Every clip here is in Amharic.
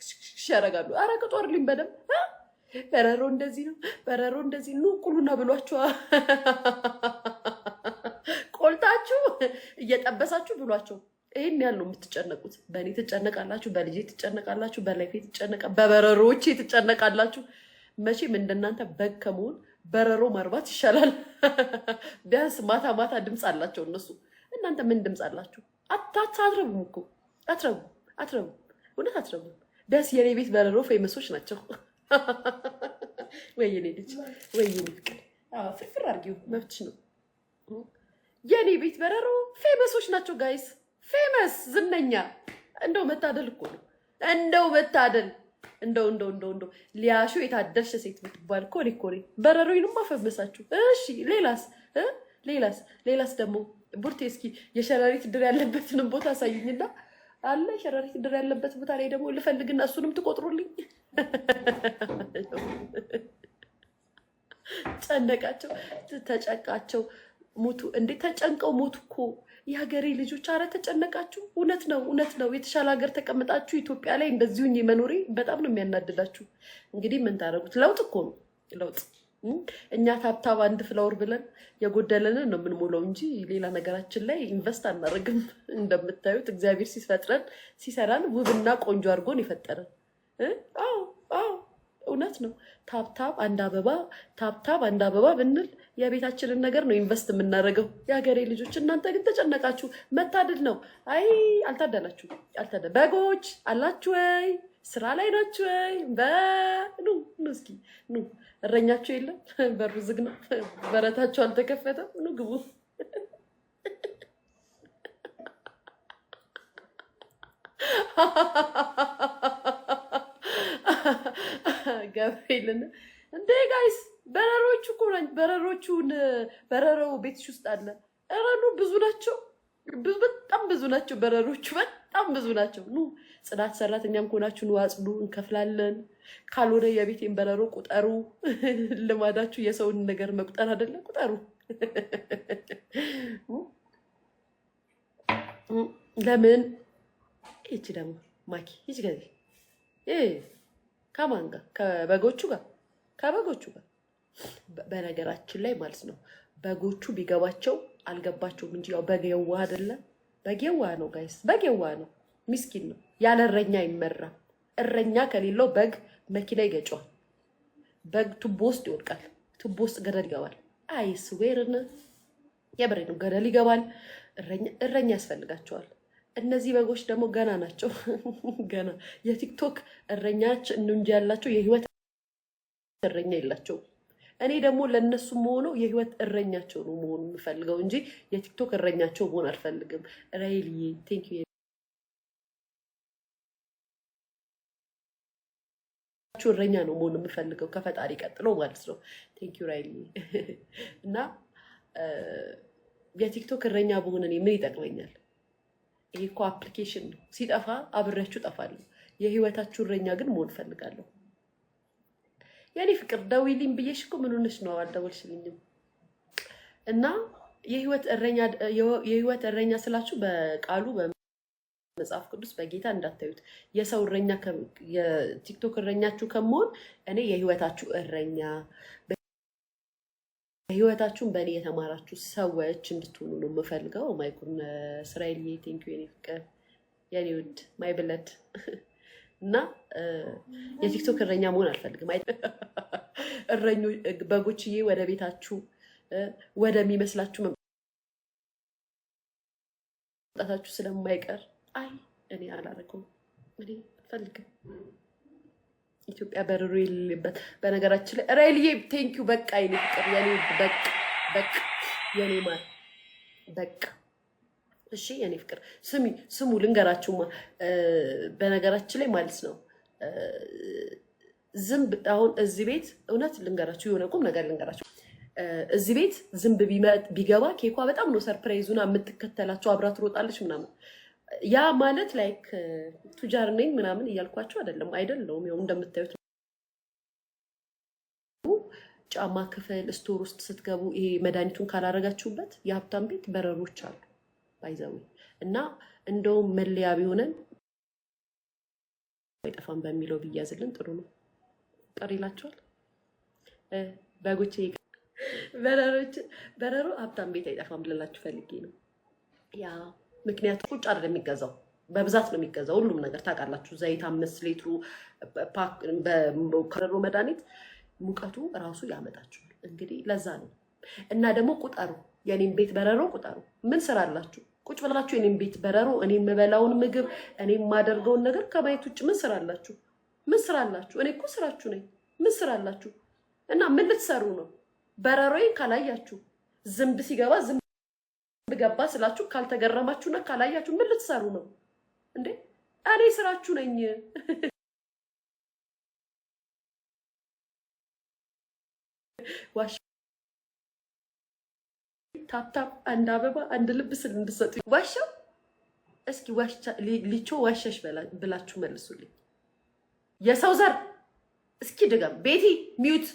ክሽክሽ ያደርጋሉ። ቅጦርልኝ በደምብ በረሮ እንደዚህ ነው፣ በረሮ እንደዚህ ኑ ቁሉና ብሏችኋ ቆልታችሁ እየጠበሳችሁ ብሏቸው። ይህን ያህል ነው የምትጨነቁት። በእኔ ትጨነቃላችሁ፣ በልጄ ትጨነቃላችሁ፣ በላይፌ ትጨነቃ፣ በበረሮቼ ትጨነቃላችሁ። መቼም እንደናንተ በግ ከመሆን በረሮ መርባት ይሻላል። ቢያንስ ማታ ማታ ድምፅ አላቸው እነሱ። እናንተ ምን ድምፅ አላችሁ? አታትረቡም እኮ አትረቡ አትረቡ እውነት አትረቡም። ደስ የኔ ቤት በረሮ ፌመሶች ናቸው። ወይኔ ልጅ ወይኔ ፍቅር ፍርፍር አርጊው መብትሽ ነው። የኔ ቤት በረሮ ፌመሶች ናቸው። ጋይስ ፌመስ ዝነኛ። እንደው መታደል እኮ ነው። እንደው መታደል እንደው እንደው እንደው እንደው ሊያሹ የታደልሽ ሴት ምትባል ኮሪ ኮሪ በረሮይንም አፈመሳችሁ። እሺ ሌላስ ሌላስ ሌላስ ደግሞ ቡርቴ፣ እስኪ የሸረሪት ድር ያለበትንም ቦታ አሳዩኝና አለ ሸረሪት ድር ያለበት ቦታ ላይ ደግሞ ልፈልግና እሱንም ትቆጥሩልኝ። ጨነቃቸው፣ ተጨቃቸው ሞቱ። እንዴት ተጨንቀው ሞቱ እኮ የሀገሬ ልጆች። አረ ተጨነቃችሁ። እውነት ነው፣ እውነት ነው። የተሻለ ሀገር ተቀምጣችሁ ኢትዮጵያ ላይ እንደዚሁኝ መኖሬ በጣም ነው የሚያናድዳችሁ። እንግዲህ ምን ታደርጉት? ለውጥ እኮ ነው ለውጥ እኛ ታብታብ አንድ ፍላወር ብለን የጎደለንን ነው የምንሞላው እንጂ ሌላ ነገራችን ላይ ኢንቨስት አናደርግም። እንደምታዩት እግዚአብሔር ሲፈጥረን ሲሰራን ውብና ቆንጆ አድርጎን የፈጠረን። አዎ አዎ፣ እውነት ነው። ታብታብ አንድ አበባ ታብታብ አንድ አበባ ብንል የቤታችንን ነገር ነው ኢንቨስት የምናደርገው። የሀገሬ ልጆች እናንተ ግን ተጨነቃችሁ። መታደል ነው። አይ አልታደላችሁ። አልታደ በጎች አላችሁ ወይ? ስራ ላይ ናችሁ ወይ? በኑ ኑ እስኪ ኑ። እረኛችሁ የለም፣ በሩ ዝግ ነው፣ በረታችሁ አልተከፈተም። ኑ ግቡ። ገብርኤልን እንዴ ጋይስ፣ በረሮቹ እኮ በረሮቹን በረረው ቤትሽ ውስጥ አለ። ኧረ ኑ ብዙ ናቸው፣ በጣም ብዙ ናቸው በረሮቹ፣ በጣም ብዙ ናቸው። ኑ ጽዳት ሰራተኛም ከሆናችሁ ዋጽዱ፣ እንከፍላለን። ካልሆነ የቤቴን በረሮ ቁጠሩ። ልማዳችሁ የሰውን ነገር መቁጠር አይደለ? ቁጠሩ። ለምን ይቺ ደግሞ ማኪ ይቺ ገዜ ከማን ጋር? ከበጎቹ ጋር ከበጎቹ ጋር በነገራችን ላይ ማለት ነው። በጎቹ ቢገባቸው አልገባቸውም እንጂ ያው በግ የዋህ አይደለ? በግ የዋህ ነው ጋይስ፣ በግ የዋህ ነው። ሚስኪን ነው፣ ያለ እረኛ ይመራ። እረኛ ከሌለው በግ መኪና ይገጨዋል። በግ ቱቦ ውስጥ ይወድቃል። ቱቦ ውስጥ ገደል ይገባል። ስዌርን የበሬ ነው። ገደል ይገባል። እረኛ ያስፈልጋቸዋል። እነዚህ በጎች ደግሞ ገና ናቸው። ገና የቲክቶክ እረኛች እንጂ ያላቸው የህይወት እረኛ የላቸው። እኔ ደግሞ ለእነሱ መሆነው የህይወት እረኛቸው ነው መሆኑ የምፈልገው እንጂ የቲክቶክ እረኛቸው መሆን አልፈልግም። ራይልዬ ቴንክ ዩ እረኛ ነው መሆን የምፈልገው ከፈጣሪ ቀጥሎ ማለት ነው። ቴንኪዩ ራይሊ እና የቲክቶክ እረኛ በሆነ እኔ ምን ይጠቅመኛል? ይህ እኮ አፕሊኬሽን ነው። ሲጠፋ አብሬያችሁ ጠፋለሁ። የህይወታችሁ እረኛ ግን መሆን ፈልጋለሁ። የኔ ፍቅር ደውይልኝ ብዬሽ እኮ ምን ሆነሽ ነው አልደወልሽልኝም? እና የህይወት እረኛ ስላችሁ በቃሉ መጽሐፍ ቅዱስ በጌታ እንዳታዩት የሰው እረኛ የቲክቶክ እረኛችሁ ከመሆን እኔ የህይወታችሁ እረኛ ህይወታችሁን በእኔ የተማራችሁ ሰዎች እንድትሆኑ ነው የምፈልገው። ማይኩን oh እስራኤል ቴንክ ዩ የኔ ፍቅር የኔ ውድ ማይ ብለድ እና የቲክቶክ እረኛ መሆን አልፈልግም። እረኞ በጎችዬ ወደ ቤታችሁ ወደሚመስላችሁ መምጣታችሁ ስለማይቀር አይ እኔ አላረኩም፣ እኔ አልፈልግም። ኢትዮጵያ በረሮ የሌለበት በነገራችን ላይ ራይልዬ ቴንኪዩ። በቃ የኔ ፍቅር የኔ በቅ በቅ የኔ ማር በቅ እሺ የኔ ፍቅር ስሚ ስሙ ልንገራችሁማ። በነገራችን ላይ ማለት ነው ዝንብ አሁን እዚህ ቤት እውነት ልንገራችሁ፣ የሆነ ቁም ነገር ልንገራችሁ። እዚህ ቤት ዝንብ ቢገባ ኬኳ በጣም ነው ሰርፕራይዙና የምትከተላቸው አብራ ትሮጣለች ምናምን ያ ማለት ላይክ uh, ቱጃር ነኝ ምናምን እያልኳቸው አይደለም፣ አይደለውም። ያው እንደምታዩት ጫማ ክፍል ስቶር ውስጥ ስትገቡ ይሄ መድኃኒቱን ካላረጋችሁበት የሀብታም ቤት በረሮች አሉ ባይዘው እና እንደውም መለያ ቢሆነን አይጠፋም በሚለው ብያዝልን ጥሩ ነው። ቀር ይላቸዋል በጎቼ። በረሮች በረሮ ሀብታም ቤት አይጠፋም ልላችሁ ፈልጌ ነው ያ ምክንያቱም ቁጭ አይደለም የሚገዛው በብዛት ነው የሚገዛው። ሁሉም ነገር ታውቃላችሁ። ዘይት አምስት ሊትሩ ከረሮ መድኃኒት ሙቀቱ ራሱ ያመጣችኋል። እንግዲህ ለዛ ነው እና ደግሞ ቁጠሩ፣ የኔም ቤት በረሮ ቁጠሩ። ምን ስራ አላችሁ? ቁጭ ብላችሁ የኔም ቤት በረሮ፣ እኔ የምበላውን ምግብ፣ እኔ የማደርገውን ነገር ከማየት ውጭ ምን ስራ አላችሁ? ምን ስራ አላችሁ? እኔ እኮ ስራችሁ ነኝ። ምን ስራ አላችሁ? እና ምን ልትሰሩ ነው? በረሮዬን ካላያችሁ ዝንብ ሲገባ ዝንብ ገባ ስላችሁ ካልተገረማችሁና ካላያችሁ ምን ልትሰሩ ነው እንዴ? እኔ ስራችሁ ነኝ። ዋሽ ታፕታፕ አንድ አበባ አንድ ልብ ስል እንድሰጡ ዋሻው እስኪ ሊቾ ዋሻሽ ብላችሁ መልሱልኝ። የሰው ዘር እስኪ ድገም። ቤቲ ሚዩት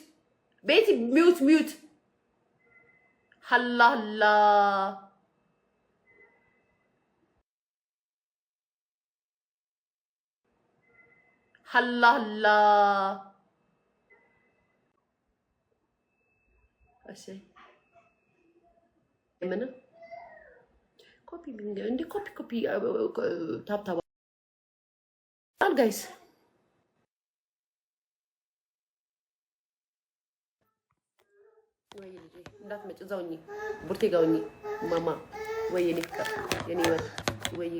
ቤቲ ሚዩት ሚዩት ሀላ ሀላ ሀላላ ምንም ኮፒ እንደ ኮፒ ኮፒ ታብታብ ጋይስ እንዳትመጭ እዛው እኚህ ቡርቴ ጋር እኚህ ማማ ወይ የኔ ፍቅር የኔ ወይ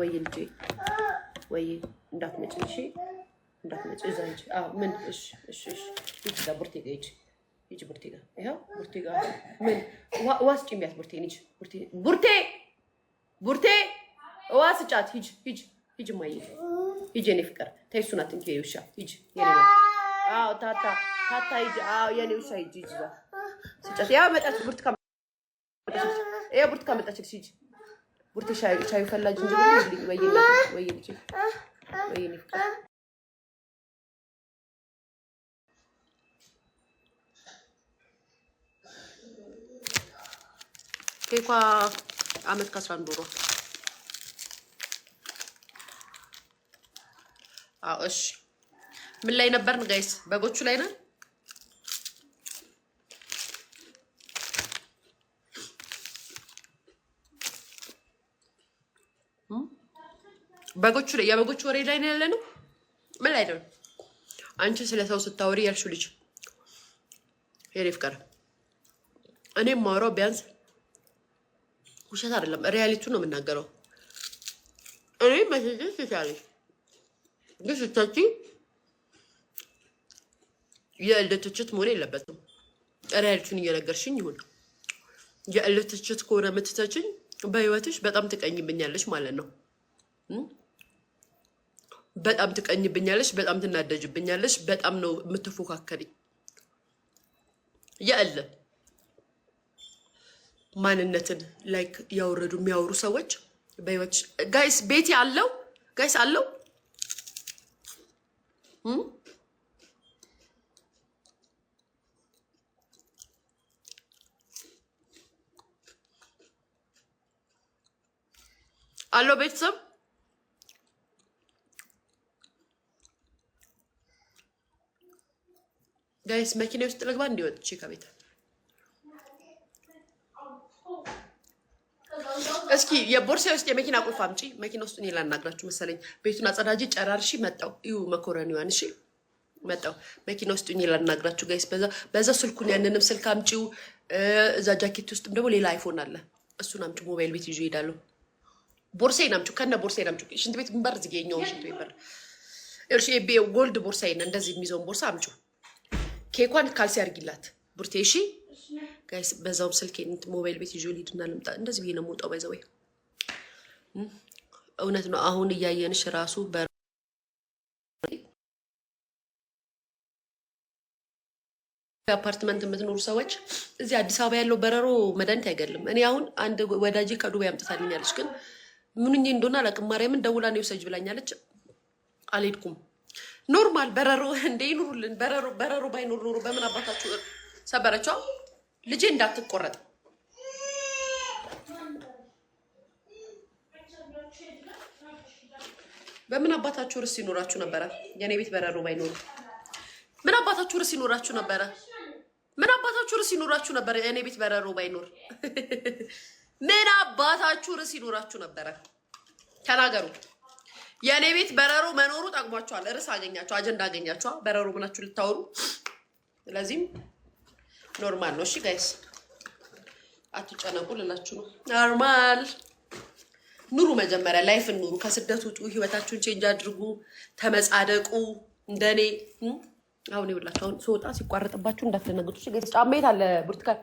ወይ ልጄ ወይ እንዳትመጭ እሺ። እንዳትመጪ እዛ እንጂ። አዎ ምን? እሺ እሺ እሺ። ሂጂ እዛ ቡርቴ ጋር ሂጂ፣ ሂጂ ቡርቴ ጋር። ይኸው ቡርቴ ጋር ምን ውሃ ስጪኝ ቢያት ሂጂ። ቡርቴ ቡርቴ ቡርቴ ውሃ ስጫት። ሂጂ ሂጂ ሂጂ። ማየ ሂጂ። የኔ ፍቅር ተይ፣ እሱን አትንኪ። የኔ ውሻ ሂጂ። አዎ ታታ ታታ ሂጂ። አዎ የኔ ውሻ ሂጂ፣ ሂጂ እዛ ስጫት። ያው መጣች ብርቱካን ይሄ ብርቱካን መጣች። ልጅ ቡርቴ ሻዩ ፈላጅ እንጂ ወይ ወይ ወይ ኬኳ አመት ከአስራ አንድ ወሯ እሺ ምን ላይ ነበርን ጋይስ? በጎቹ ላይ ነን። በጎቹ ላይ የበጎቹ ወሬ ላይ ነው ያለነው። ምን ላይ ነው? አንቺ ስለ ሰው ስታወሪ ያልሽው ልጅ የኔ ፍቅር፣ እኔም ማውራው ቢያንስ ውሸት አይደለም፣ ሪያሊቱ ነው የምናገረው። እኔ መሴጅ ስታለች ግን ስታች የእልህ ትችት መሆን የለበትም። ሪያሊቱን እየነገርሽኝ ይሁን። የእልህ ትችት ከሆነ የምትተችኝ በህይወትሽ በጣም ትቀኝብኛለች ማለት ነው። በጣም ትቀኝብኛለች በጣም ትናደጅብኛለች በጣም ነው የምትፎካከሪ የእልህ ማንነትን ላይክ ያወረዱ የሚያወሩ ሰዎች በይወች ጋይስ፣ ቤት አለው ጋይስ አለው አለው ቤተሰብ ጋይስ መኪና ውስጥ ልግባ እንዲወጥ ቼ ከቤት እስኪ የቦርሳ ውስጥ የመኪና ቁልፍ አምጪ። መኪና ውስጥ እኔ ላናግራችሁ መሰለኝ። ቤቱን አጸዳጅ ጨራርሺ መጣው። ይሁ መኮረኒዋን። እሺ መጣው። መኪና ውስጥ እኔ ላናግራችሁ ጋይስ። በዛ በዛ ስልኩን ያንንም ስልክ አምጪው። እዛ ጃኬት ውስጥም ደግሞ ሌላ አይፎን አለ። እሱን አምጪ። ሞባይል ቤት ይዞ ይሄዳለሁ። ቦርሳዬን አምጪ፣ ከነ ቦርሳዬን አምጪ። ሽንት ቤት ምበር ዝጌ ኛው ሽንት ቤት በር እርሺ። ጎልድ ቦርሳዬን እንደዚህ የሚይዘውን ቦርሳ አምጪው። ኬኳን ካልሲ አድርጊላት ቡርቴ እሺ ጋይስ፣ በዛውም ስልክ ሞባይል ቤት ይዞ ሊድና ልምጣ። እንደዚህ ብዬ ነው የምወጣው። ባይዘወይ እውነት ነው። አሁን እያየንሽ ራሱ አፓርትመንት የምትኖሩ ሰዎች እዚህ አዲስ አበባ ያለው በረሮ መድኃኒት አይገልም። እኔ አሁን አንድ ወዳጅ ከዱባይ አምጥታልኛለች፣ ግን ምንኝ እንደሆነ አላውቅም። ማርያምን ደውላ ነው ውሰጅ ብላኛለች፣ አልሄድኩም። ኖርማል በረሮ እንደ ይኑሩልን። በረሮ ባይኖር ኖሮ በምን አባታችሁ ሰበረችው። ልጄ እንዳትቆረጥ በምን አባታችሁ ርስ ይኖራችሁ ነበረ? የኔ ቤት በረሮ ባይኖሩ ምን አባታችሁ ርስ ይኖራችሁ ነበረ? ምን አባታችሁ ርስ ይኖራችሁ ነበረ? የኔ ቤት በረሮ ባይኖር ምን አባታችሁ ርስ ይኖራችሁ ነበረ? ተናገሩ። የእኔ ቤት በረሮ መኖሩ ጠቅሟቸዋል። ርዕስ አገኛቸው፣ አጀንዳ አገኛቸዋ። በረሮ ምናችሁ ልታወሩ። ስለዚህም ኖርማል ነው። እሺ ጋይስ አትጨነቁ ልላችሁ ነው። ኖርማል ኑሩ፣ መጀመሪያ ላይፍን ኑሩ። ከስደት ውጡ፣ ህይወታችሁን ቼንጅ አድርጉ፣ ተመጻደቁ። እንደኔ አሁን ይብላችሁ። አሁን ስወጣ ሲቋረጥባችሁ እንዳትደነግጡ። ጫማ የት አለ ብርቱካን?